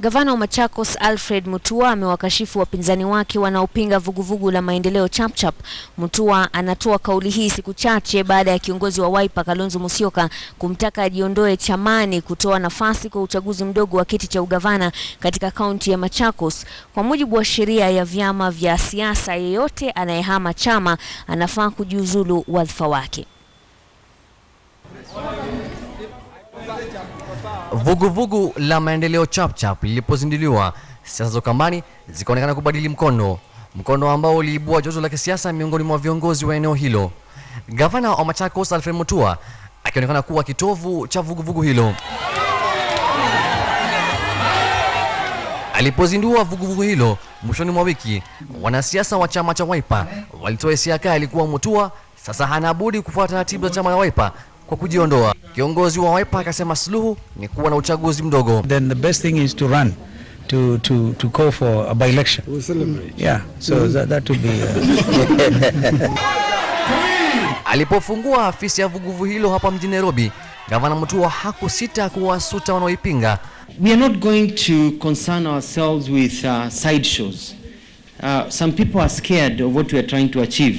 Gavana wa Machakos Alfred Mutua amewakashifu wapinzani wake wanaopinga vuguvugu la maendeleo Chapchap. Mutua anatoa kauli hii siku chache baada ya kiongozi wa Wiper Kalonzo Musyoka kumtaka ajiondoe chamani kutoa nafasi kwa uchaguzi mdogo wa kiti cha ugavana katika kaunti ya Machakos. Kwa mujibu wa sheria ya vyama vya siasa, yeyote anayehama chama anafaa kujiuzulu wadhifa wake. Vuguvugu la maendeleo Chapchap lilipozinduliwa, siasa za Ukambani zikaonekana kubadili mkondo, mkondo ambao uliibua joto la kisiasa miongoni mwa viongozi wa eneo hilo. Gavana wa Machakos Alfred Mutua akionekana kuwa kitovu cha vuguvugu hilo. Alipozindua vuguvugu hilo mwishoni mwa wiki, wanasiasa wa chama cha waipa walitoa hisia kali kuwa Mutua sasa hana budi kufuata taratibu za chama cha waipa kwa kujiondoa. Kiongozi wa Wiper akasema suluhu ni kuwa na uchaguzi mdogo. Then the best thing is to run to to to call for a by election. Yeah, so mm. that that would be uh... Alipofungua afisi ya vuguvu hilo hapa mjini Nairobi, Gavana Mutua hakusita kuwasuta wanaoipinga. We are not going to concern ourselves with uh, side shows. Uh, some people are scared of what we are trying to achieve,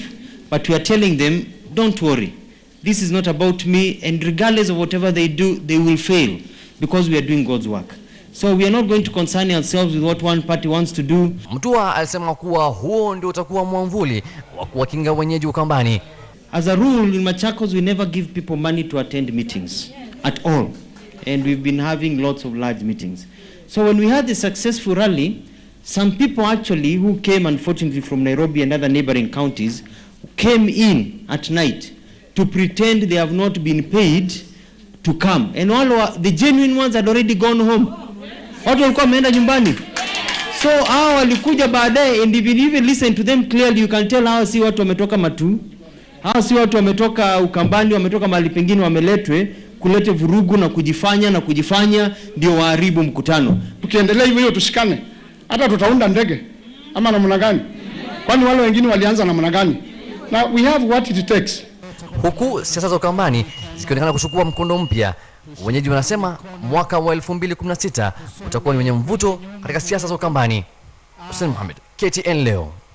but we are telling them don't worry. This is not about me, and regardless of whatever they do, they will fail because we are doing God's work. So we are not going to concern ourselves with what one party wants to do. Mtua alisema kuwa huo ndio utakuwa mwamvuli wa kuwakinga wenyeji Ukambani. As a rule in Machakos we never give people money to attend meetings at all and we've been having lots of large meetings. So when we had the successful rally some people actually who came unfortunately from Nairobi and other neighboring counties came in at night to pretend they have not been paid to come and all were, the genuine ones had already gone home. Watu walikuwa wameenda nyumbani, so hao walikuja baadaye, and if you even listen to them clearly you can tell hao si watu wametoka matu, hao si watu wametoka Ukambani, wametoka mahali pengine, wameletwe kulete vurugu na kujifanya na kujifanya ndio waharibu mkutano. Tukiendelea hivyo hiyo, tushikane, hata tutaunda ndege ama namna gani? Kwani wale wengine walianza namna gani? Now we have what it takes huku siasa za Ukambani zikionekana kuchukua mkondo mpya. Wenyeji wanasema mwaka wa 2016 utakuwa ni wenye mvuto katika siasa za Ukambani. Hussein Mohamed, KTN leo.